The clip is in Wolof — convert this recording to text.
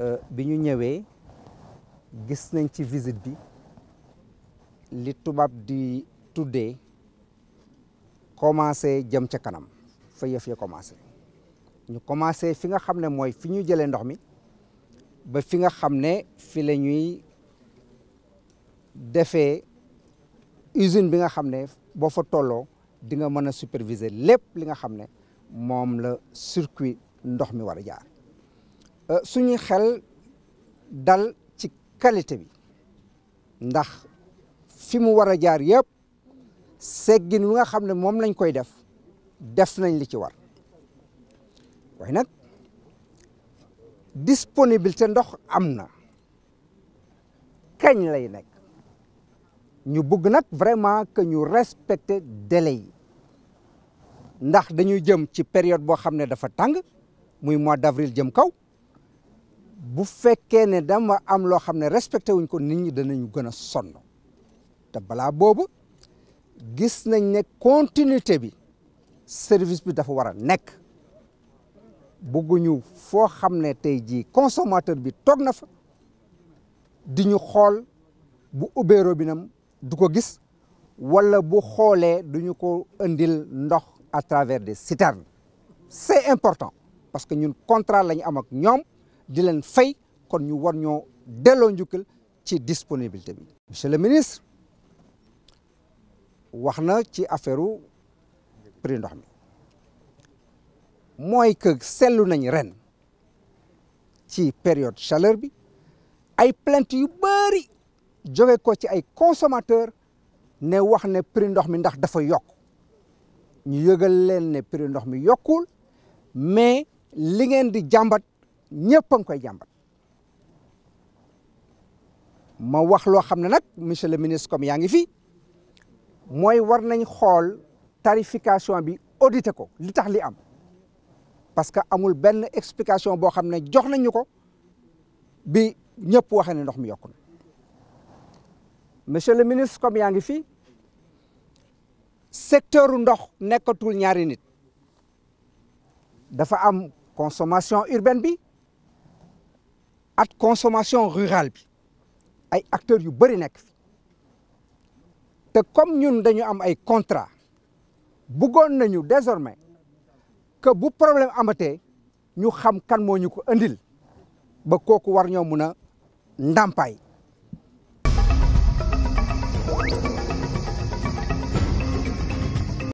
Euh, bi ñu ñëwee gis nañ ci visite bi li tubaab di tuddee commencé jëm ca kanam fa yëf ya commencé ñu commencé fi nga xam ne mooy fi ñu jëlee ndox mi ba fi nga xam ne fi la ñuy defee usine bi nga xam ne boo fa tolloo di nga mën a superviser lépp li nga xam ne moom la circuit ndox mi war a jaar Euh, suñu xel dal ci qualité bi ndax fi mu war a jaar yëpp seggin wi nga xam ne moom lañ koy def def nañ li ci war waaye nag disponibilité ndox am na kañ lay nekk ñu bugg nag vraiment que ñu respecte délai yi ndax dañuy jëm ci période boo xam ne dafa tàng muy mois d'avril jëm kaw bu fekkee ne dama am loo xam ne respecté wuñ ko nit ñi danañu gën a sonn te balaa boobu gis nañ ne continuité bi service bi dafa war a nekk bëgguñu foo xam ne tey jii consommateur bi toog na fa di ñu xool bu bi nam du ko gis wala bu xoolee duñu ko indil ndox à travers des citernes c'est important parce que ñun contrat la ñu am ak ñoom di leen fay kon ñu war ñoo delloo njukkal ci disponibilité bi. monsieur le ministre wax na ci affaire prix ndox mi mooy que seetlu nañ ren ci période chaleur bi ay plainte yu bëri jóge ko ci ay consommateurs ne wax ne prix ndox mi ndax dafa yokk ñu yëgal leen ne prix ndox mi yokkul mais li ngeen di jàmbat. ñëpp a ngi koy jàmbat ma wax loo xam ne nag monsieur le ministre comme yaa ngi fi mooy war nañ xool tarification bi audité ko li tax li am parce que amul benn explication boo xam ne jox nañu ko bi ñëpp waxee ne ndox mi yokku na monsieur le ministre comme yaa ngi fi secteur ndox nekkatul ñaari nit dafa am consommation urbaine bi at consommation rurale bi ay acteurs yu bëri nekk fi te comme ñun dañu am ay contrat bëggoon nañu désormais que bu problème amatee ñu xam kan moo ñu ko andil ba kooku war ñoo mun a ndàmpaay